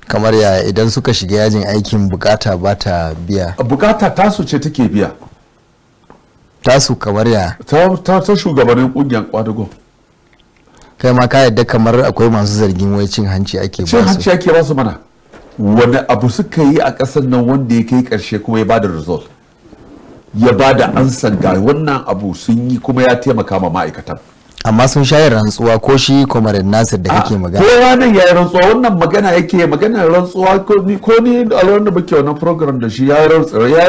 kamar ya idan suka shiga yajin aikin bukata ba ta biya bukata tasu ce take biya tasu kamar ya ta ta, shugabannin kungiyar kwadago kai ma ka yadda kamar akwai masu zargin wai cin hanci ake ba su cin hanci ake ba su mana wani abu suka yi a ƙasar nan wanda ya kai ƙarshe kuma ya ba da result ya ba da ansan ga wannan abu sun yi kuma ya taimaka ma ma'aikatan amma sun shayar rantsuwa ko shi kwamarin nasir da kake ah, magana kowa nan ya yi rantsuwa wannan magana yake magana rantsuwa ko ni a da muke wannan program da shi ya yi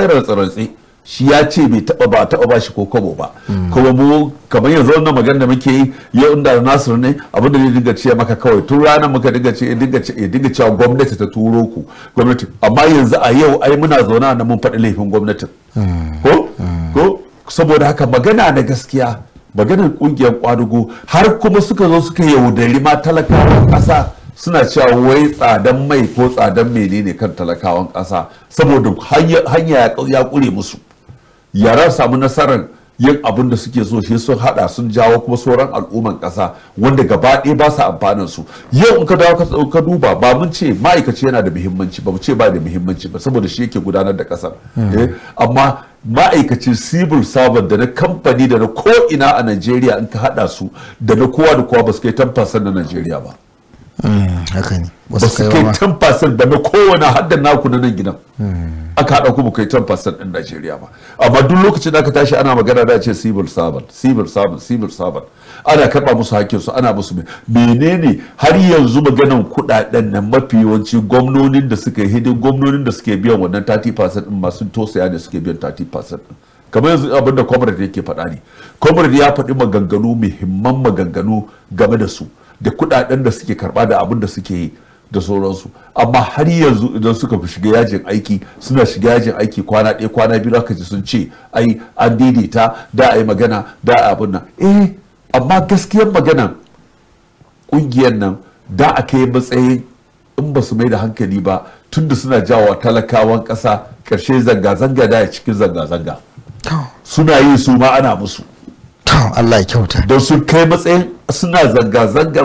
rantsuwa shi ya ce bai taba ba taba ba shi ko kobo ba kuma mu kamar yanzu wannan magana da muke yi ya inda Nasir ne abin da zai dinga ce maka kawai tun ranar muka dinga ce dinga dinga cewa gwamnati ta turo ku gwamnati amma yanzu a yau ai muna zauna na mun faɗi laifin gwamnati. ko ko saboda haka magana na gaskiya maganar kungiyar kwadugo har kuma suka zo suka yaudari ma talakawan ƙasa suna cewa wai tsadan mai ko tsadan menene kan talakawan ƙasa saboda hanya ya kure musu yara samu nasarar yin abin da suke so shi sun hada sun jawo kuma sauran al'umman kasa wanda gaba ɗaya ba su amfanin su yau in ka dawo ka duba ba mun ce ma'aikaci yana da muhimmanci ba mu ce ba da muhimmanci ba saboda shi yake gudanar da kasar hmm. eh, amma ma'aikacin civil servant da na kamfani da na ko ina a Najeriya in ka hada su da na kowa da kowa ba su kai 10% na Najeriya ba Mm, haka ne ba su kai 10% da na kowane haddan naku na nan gidan mm. aka haɗa kuma kai 10% ɗin Najeriya ba amma duk lokacin da aka tashi ana magana da ce civil servant civil servant civil servant ana karɓa musu hakkin su ana musu menene har yanzu maganan kuɗaɗen nan mafi yawanci gwamnonin da suka yi hidin gwamnonin da suke biyan wannan 30% ɗin masu tosaya ne suke biyan 30% ɗin kamar yanzu abin da comrade yake faɗa ne comrade ya faɗi maganganu muhimman maganganu game da su da kudaden da suke karba da abin da suke yi da sauransu amma har yanzu idan suka fi shiga yajin aiki suna shiga yajin aiki kwana ɗaya kwana biyu aka ji sun ce ai an daidaita da a yi magana da a abin nan eh amma gaskiyar magana ƙungiyar nan da a kai matsayin in ba su mai da hankali ba tunda suna jawo talakawan ƙasa ƙarshe zanga-zanga da cikin zanga-zanga suna yi su ma ana musu Allah ya kyauta don sun kai matsayin suna zanga zanga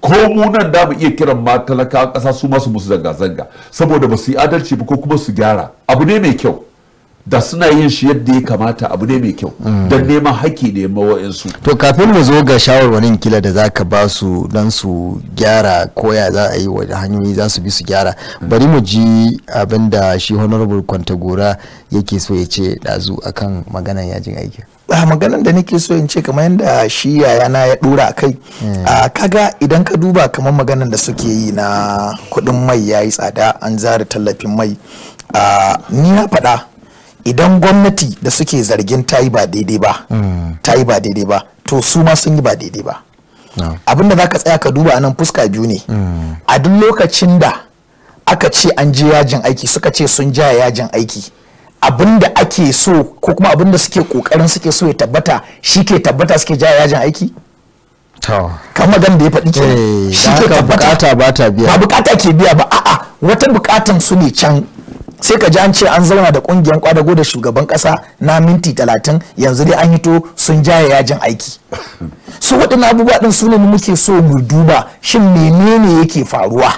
ko mu nan da mu iya kiran ma kasa ƙasa su masu musu zanga-zanga saboda ba su yi adalci ba ko kuma su gyara abu ne mai kyau da suna yin shi yadda ya kamata abu ne mai kyau mm. don neman haƙƙi ne mawa'insu to kafin mu zo ga shawarwarin kila da za ka ba su don su gyara koya za a yi wajen hanyoyi za su bi su gyara mm. bari mu ji abin da shi honorable kwantagora yake so ya ce ɗazu akan maganan yajin aiki a ah, maganan da nake so in ce kamar yadda shi yayana ya dora kai mm. a ah, kaga idan ka duba kamar maganan da suke yi na kuɗin mai ya yi tsada an zara tallafin mai ah, ni na faɗa idan gwamnati da suke zargin ta yi ba daidai ba hmm. ta yi ba daidai ba to su ma sun yi ba daidai ba abinda za ka tsaya ka duba anan fuska biyu ne hmm. a duk lokacin da aka ce an je yajin aiki suka ce sun ja yajin aiki abinda ake so ko kuma abinda suke kokarin suke so ya tabbata shi ke tabbata suke ja yajin aiki kan magan da ya faɗi eh, ke shi ke tabbata ba bukata ke biya ba a'a wata bukatan su ne can sai ka ji an ce an zauna da kungiyar kwadago da shugaban kasa na minti talatin yanzu dai an hito sun jaya yajin aiki su waɗannan abubuwa ɗin su ne muke so mu duba shin menene yake faruwa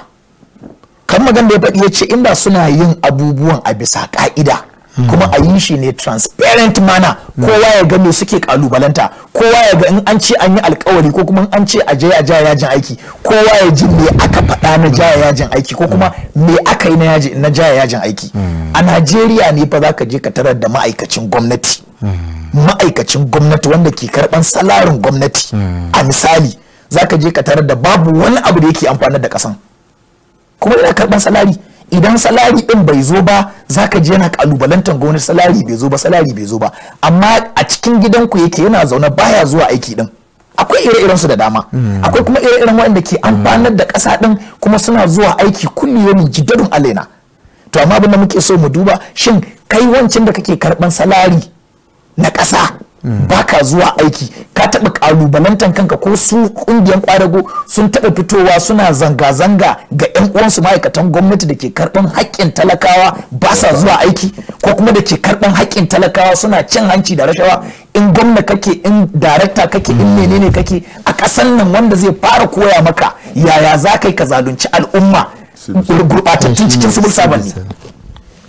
kan magan da ya faɗi ya ce inda suna yin abubuwan a bisa ka'ida kuma a yi shi ne transparent mana kowa ya ga me suke kalubalanta kowa ya ga in an ce an yi alkawari ko kuma an ce a je a jaya yajin aiki kowa ya ji me aka faɗa na jaya yajin aiki ko kuma me aka yi na jaya yajin aiki a Najeriya ne fa za ka je ka tarar da ma'aikacin gwamnati ma'aikacin gwamnati wanda ke karban salarin gwamnati a misali za ka je ka tarar da babu wani abu da yake amfanar da kasan kuma yana karban salari idan salari din bai zo ba za ka je yana kalubalantar gwamnati salari bai zo ba salari bai zo ba amma a cikin gidanku yake yana zaune baya zuwa aiki din akwai ire su da dama hmm. akwai kuma ire-iren waɗanda ke amfanar da ƙasa ɗin kuma suna zuwa aiki kulliyomi gidarun alaina to amma abin da muke so mu duba shin kai wancan da kake karɓan salari na ƙasa baka zuwa aiki ka taɓa ƙalubalantan kanka ko su ƙungiyar ƙwadago sun taɓa fitowa suna zanga-zanga ga 'yan uwansu ma'aikatan gwamnati da ke karɓar haƙƙin talakawa ba sa zuwa aiki ko kuma da ke karɓar haƙƙin talakawa suna cin hanci da rashawa in gwamna kake in darakta kake in menene kake a ƙasan nan wanda zai fara koya maka yaya za ka ka zalunci al'umma gurɓatattun cikin su ne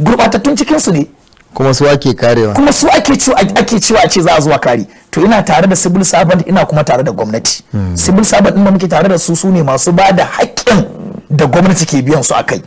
gurɓatattun cikin su ne kuma su ake karewa kuma su ake ciwo ake ciwo a ce za a zuwa kare to ina tare da civil servant ina kuma tare da gwamnati hmm. civil servant din da muke tare da su su ne masu ba da haƙƙin da gwamnati ke biyan su akai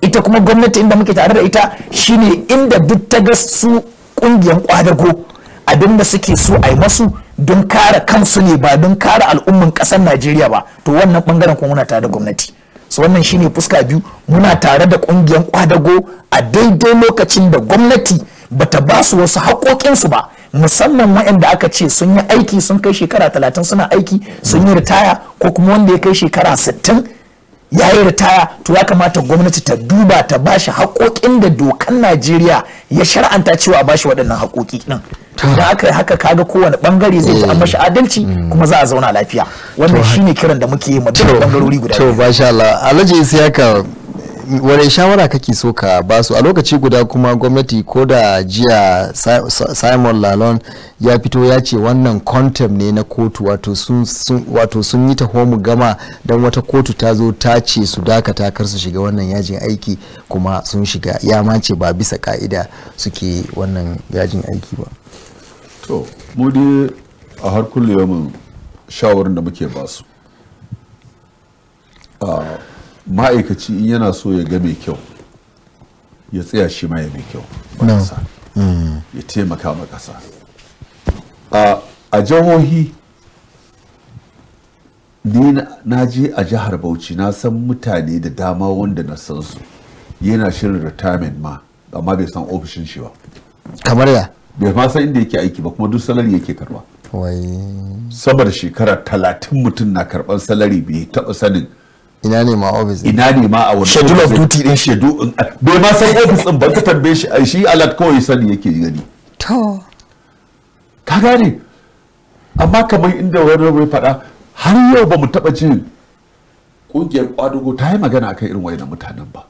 ita kuma gwamnati inda muke tare da ita shine inda duk ta ga su kungiyan kwadago abinda suke so a yi masu don kare kansu ne ba don kare al'umman ƙasar Najeriya ba to wannan bangaren kuma muna tare da gwamnati su wannan shine fuska biyu muna tare da kungiyar kwadago a daidai lokacin da gwamnati bata ba su wasu haƙoƙinsu ba musamman waɗanda aka ce sun yi aiki sun kai shekara talatin suna aiki sun yi ritaya ko kuma wanda ya kai shekara sittin ya yi ritaya to ya kamata gwamnati ta duba ta bashi haƙoƙin da dokan najeriya ya shar'anta cewa a bashi waɗannan haƙoƙi ɗin idan aka yi haka kaga kowane bangare zai ci an mashi mm. adalci mm. kuma za a zauna lafiya wannan shine kiran da muke yi mu duk bangarori guda to masha Allah alhaji isiyaka wani shawara kake so ka ba su a lokaci guda kuma gwamnati ko da jiya simon lalon ya fito ya ce wannan contempt ne na kotu wato sun yi taho mu gama don wata kotu ta zo ta ce su dakata kar su shiga wannan yajin aiki kuma sun shiga ya mace ba bisa ka'ida suke wannan yajin aiki ba to mu dai a har kullum shawarar da muke basu. Ah, ma'aikaci in yana so ya ga mai kyau ya tsaya shi ma ya mai kyau mm. ya taimaka ma ƙasa a jihohi ni na je a jihar bauchi na san mutane da dama wanda na san su yana shirin retirement ma amma bai san ofishin shi ba kamar ya bai ma inda yake aiki ba kuma duk salari yake karba saboda shekara talatin mutum na karban salari bai taba sanin ina ne ma office ina ne ma a wani schedule of duty din bai ma san office din ba ta tambaye shi shi alat kawai sani yake gani to ka gane amma kamar inda wani rabu faɗa har yau ba mu taɓa jin ƙungiyar kwadugo ta yi magana akan irin wayannan mutanen ba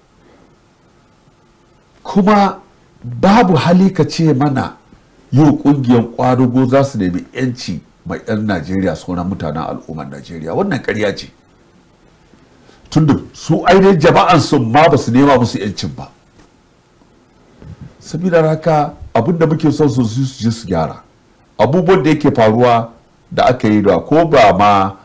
kuma babu hali ka ce mana yau ƙungiyar kwadugo za su nemi 'yanci mai 'yan najeriya sauran mutanen al'ummar najeriya wannan ƙarya ce tunda su ainihin jama'an sun ma ba su nema musu yancin ba saboda haka abin da muke son su su je su gyara abubuwan da yake faruwa da aka yi da ko ba ma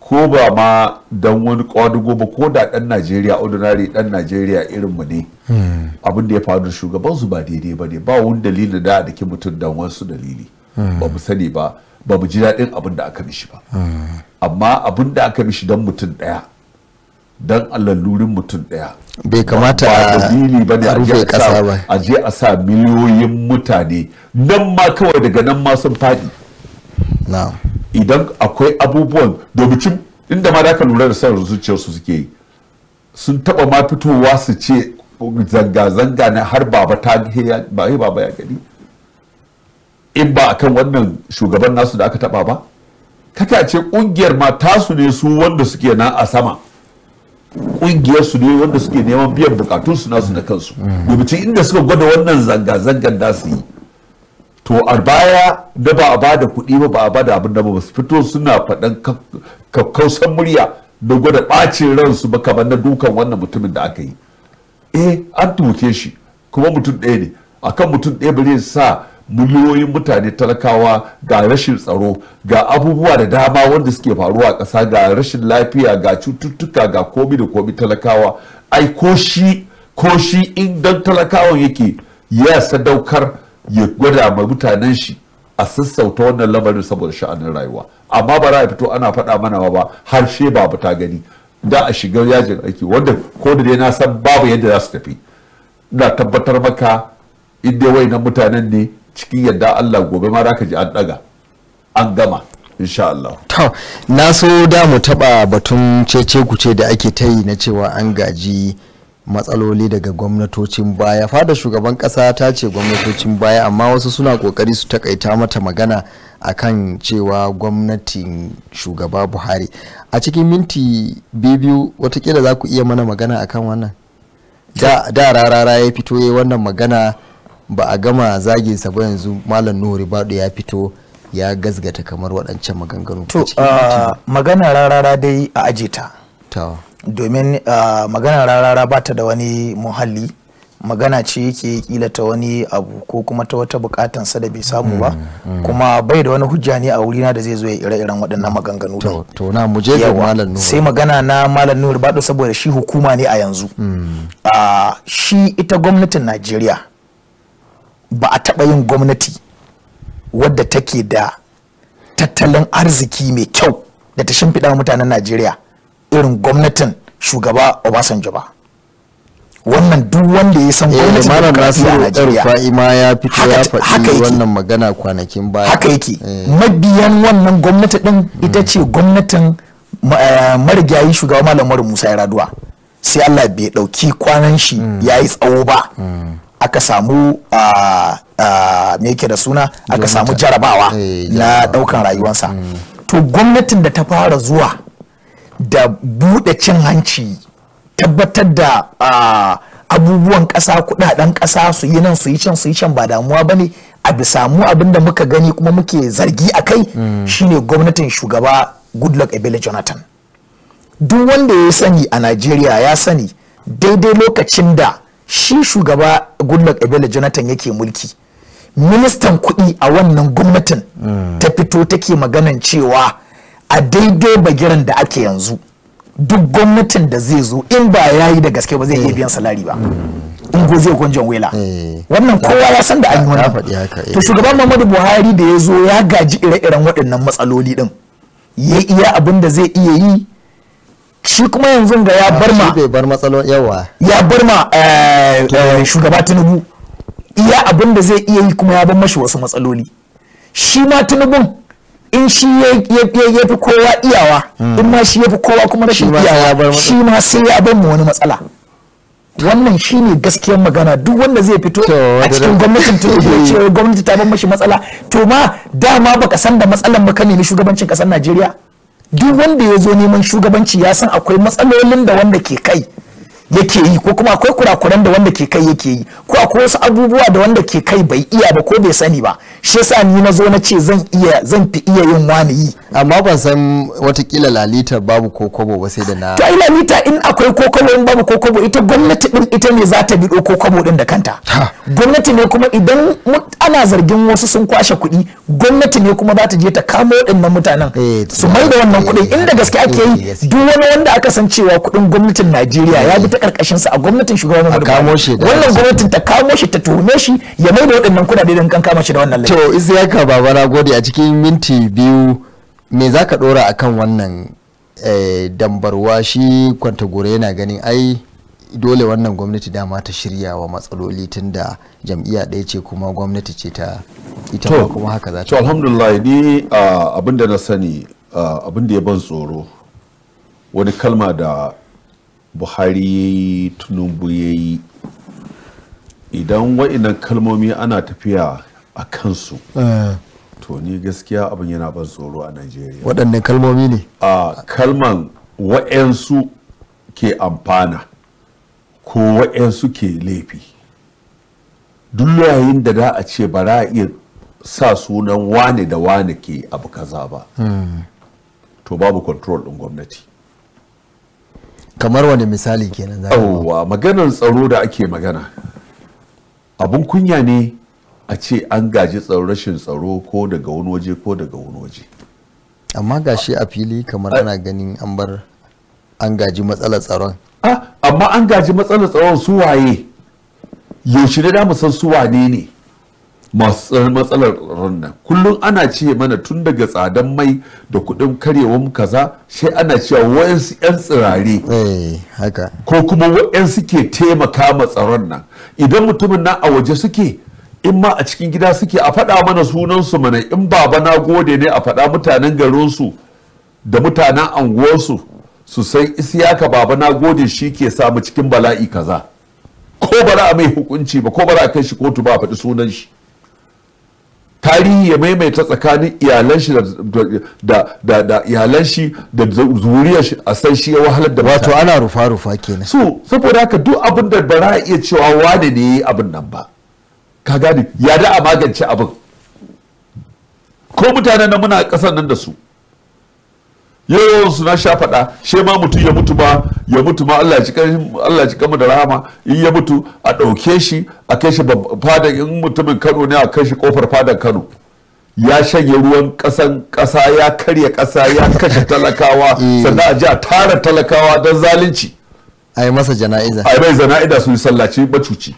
ko ba ma don wani kwadugo ba ko da dan najeriya ordinary dan najeriya irin mu ne hmm. abin da ya faru da shugaban su ba daidai ba ne ba wani dalili da da ke mutum dan wasu dalili hmm. ba mu sani ba ba mu ji daɗin abin da aka mishi ba hmm. amma abin da aka mishi dan mutum ɗaya don alalurin mutum daya bai kamata a dalili ba ne a je a sa miliyoyin mutane nan ma kawai daga nan ma sun faɗi idan akwai abubuwan domin inda ma da lura da zuciyar su suke yi sun taba ma fitowa su ce zanga-zanga na har baba ta ba baba ya gani in ba akan wannan shugaban nasu da aka taba ba kaka ce kungiyar ma tasu ne su wanda suke nan a sama kungiyar su ne wanda suke neman biyan bukatun su nasu na kansu ce inda suka gwada wannan zanga-zangar da su yi to a baya da ba a ba da kuɗi ba ba a ba da abin da ba su fito suna faɗan kakkausan murya da gwada ɓacin ransu ba kamar na dukan wannan mutumin da aka yi eh an tuke shi kuma mutum ɗaya ne akan mutum ɗaya ba zai sa miliyoyin mutane talakawa ga rashin tsaro ga abubuwa da dama wanda suke faruwa a ƙasa ga rashin lafiya ga cututtuka ga komi da komi talakawa ai ko shi ko shi in don talakawan yake ya sadaukar ya gwada mai mutanen shi a sassauta wannan lamarin saboda sha'anin rayuwa amma ba za a fito ana faɗa mana ba har she ba ta gani da a shiga yajin aiki wanda ko da dai na san babu yadda za su tafi ina tabbatar maka in dai wayannan mutanen ne cikin yadda Allah gobe ma ka ji an daga an gama insha Allah to na so da mu taba batun cece kuce da ake ta yi na cewa an gaji matsaloli daga gwamnatocin baya fada shugaban kasa ta ce gwamnatocin baya amma wasu suna kokari su takaita mata magana akan cewa gwamnatin shugaba buhari a cikin minti biyu watakila za ku iya mana magana akan wannan da rarara ya fito ya wannan magana ba a gama zagin sa ba yanzu malam nuhu ribado ya fito ya gazgata kamar waɗancan maganganu to uh, magana rarara dai a aje ta domin uh, magana rarara ba ta da wani muhalli magana ce yake kila ta wani abu ko kuma ta wata sa da bai samu ba mm, mm. kuma bai da wani hujja ne a wurina da zai zo ya ire-iren waɗannan maganganu to, to na mu je ga malam nur sai magana na malam nur saboda shi hukuma ne a yanzu mm. a ah, shi ita gwamnatin Najeriya ba a taɓa yin gwamnati wadda take da tattalin arziki mai kyau da ta shimfiɗa mutanen najeriya irin gwamnatin shugaba obasanjo ba wannan duk wanda ya san eh, gwamnati demokradiyya a najeriya ya fito ya faɗi wannan magana kwanakin baya haka yake eh. mabiyan wannan gwamnati din hmm. ita ce gwamnatin eh, marigayi shugaba malam musa ya raduwa sai allah bai ɗauki kwanan shi hmm. ya yi tsawo ba hmm. aka samu me yake da suna aka samu jarabawa eh, na daukan rayuwansa mm. to gwamnatin da ta fara zuwa da bude cin hanci tabbatar da abubuwan ƙasa kudaden ƙasa su yi nan su yi can su yi can ba damuwa bane a bisa mu abin da muka gani kuma muke zargi a kai mm. shine gwamnatin shugaba goodluck ebele jonathan duk wanda ya sani a najeriya ya sani daidai lokacin da shi shugaba goodluck ebele jonathan yake mulki ministan kuɗi a wannan gwamnatin mm. ta fito take maganan cewa a daidai bagiran da ake yanzu duk gwamnatin da zai zo in ba ya yi da gaske ba zai iya mm. biyan salari ba mm. in go zai gwanjan wela eh. wannan kowa ya san da an yi eh. to shugaban muhammadu buhari da ya zo ya gaji ire-iren waɗannan matsaloli din ya iya abin da zai iya yi shi kuma yanzu ga ya bar ma bar yawa ya bar ma eh, eh, shugaba tinubu iya abin da zai iya yi kuma ya bar mashi wasu matsaloli shi ma tinubun in shi ya fi kowa iyawa in ma shi ya fi kowa kuma rashin iyawa shi ma sai ya bar mu wani matsala wannan shi ne gaskiyar magana duk wanda zai fito a cikin gwamnatin tinubu ya ce gwamnati ta bar mashi matsala to ma dama baka san da matsalan ba ka nemi shugabancin kasar najeriya duk wanda ya zo neman shugabanci ya san akwai matsalolin da wanda ke kai yake yi ko kuma akwai kurakuran da wanda ke kai yake yi ko akwai wasu abubuwa da wanda ke kai bai iya ba ko bai sani ba shi yasa ni na zo na ce zan iya zan fi iya yin wani yi amma ban san watakila lalitar babu ko kobo ba sai da na ta lalita in akwai ko kobo in babu ko ita gwamnati din ita ne za ta biɗo ko kobo din da kanta gwamnati ne kuma idan ana zargin wasu sun kwashe kuɗi gwamnati ne kuma za ta je ta kamo waɗannan mutanen eh, su mai da wannan kuɗin eh, inda gaske ake yi eh, duk wani wanda aka san cewa kuɗin gwamnatin Najeriya ya bi ta karkashin sa a gwamnatin shugaban Muhammadu Buhari wannan gwamnatin ta kamo shi ta tuhume shi ya mai da waɗannan kuɗaɗe don kan kama shi da wannan laifi to isiyaka baba na gode a cikin minti biyu me zaka dora akan wannan eh, dambarwa shi kwantagore yana ganin ai dole wannan gwamnati dama ta shirya wa matsaloli tunda jam'iyya ɗaya ce kuma gwamnati ce ta ita kuma haka za ta to alhamdulillah ni ah, abin da na sani ah, abin da ya ban tsoro wani kalma da buhari ya yi tunubu ya yi idan wa'inan kalmomi ana tafiya a kansu eh. to ni gaskiya abin yana ban tsoro a najeriya waɗanne kalmomi ne a kalman wa'yansu ke amfana ko wa'yansu ke laifi duk yayin da za a ce ba za a iya sa sunan wane da wane ke abu kaza ba hmm. to babu control ɗin gwamnati kamar wani misali kenan za wa. maganar tsaro da ake magana abun kunya ne a ce an gaji tsaro rashin tsaro ko daga wani waje ko daga wani waje amma gashi a fili kamar ana ganin an bar an gaji matsalar tsaron ah, amma an gaji matsalar tsaron su waye yaushe da mu san su wane ne masu matsalar tsaron kullum ana ce mana tun daga tsadan mai da kudin karewar kaza sai ana cewa wayansu 'yan tsirare eh, ko kuma wayansu ke taimaka ma tsaron nan idan mutumin na a waje suke in ma a cikin gida suke a faɗa mana sunansu mana in baba na gode ne a faɗa mutanen garinsu da mutanen anguwarsu su san isiyaka baba na gode shi ke samu cikin bala'i kaza ko bara a mai hukunci ba ko bara a kai shi kotu ba a faɗi sunan shi tarihi ya maimaita tsakanin iyalan shi da iyalan shi a san shi ya wahalar da wato ana rufa rufa kenan so saboda haka duk abin da ba za a iya cewa wane ne yayi abin nan ba ka gane ya da a magance abin ko mutanen nan muna kasan nan da su yawan su na sha faɗa shi ma mutum ya mutu ma ya mutu ma Allah ya Allah kama da rahama in ya mutu a ɗauke shi a kai shi fadan in mutumin Kano ne a kai shi kofar fadar Kano ya shanye ruwan ƙasan ƙasa ya karya ƙasa ya kashe talakawa mm. sannan a ji a tara talakawa don zalunci a yi masa jana'iza a yi mai jana'iza su yi sallaci macuci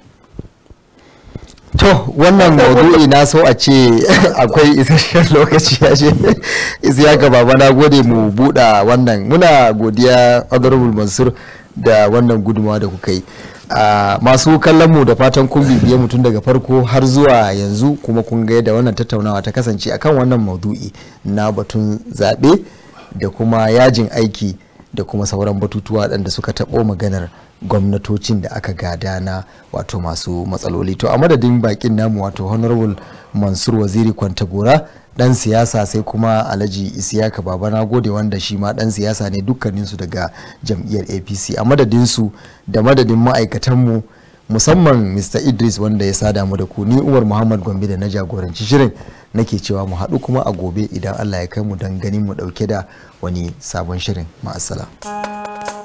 to wannan maudu'i na so a ce akwai isasshen lokaci ya ce isiya ga baba na gode mu buɗa wannan muna godiya honorable mansur da wannan gudumawa da kuka yi ah, masu kallon mu da fatan kun bibiye mu tun daga farko har zuwa yanzu kuma kun ga yadda wannan tattaunawa ta kasance akan wannan maudu'i na batun zaɓe da kuma yajin aiki da kuma sauran batutuwa waɗanda suka taɓo maganar gwamnatocin da aka gada na wato masu matsaloli to a madadin bakin namu wato honorable mansur waziri kwantagora dan siyasa sai kuma alhaji isiyaka baba na gode wanda shi ma dan siyasa ne dukkaninsu daga jam'iyyar apc a madadinsu da madadin ma'aikatanmu musamman mr idris wanda ya sada mu da ku ni umar muhammad gombe da na jagoranci shirin nake cewa mu haɗu kuma a gobe idan allah ya kai mu don ganin mu ɗauke da wani sabon shirin ma'asala.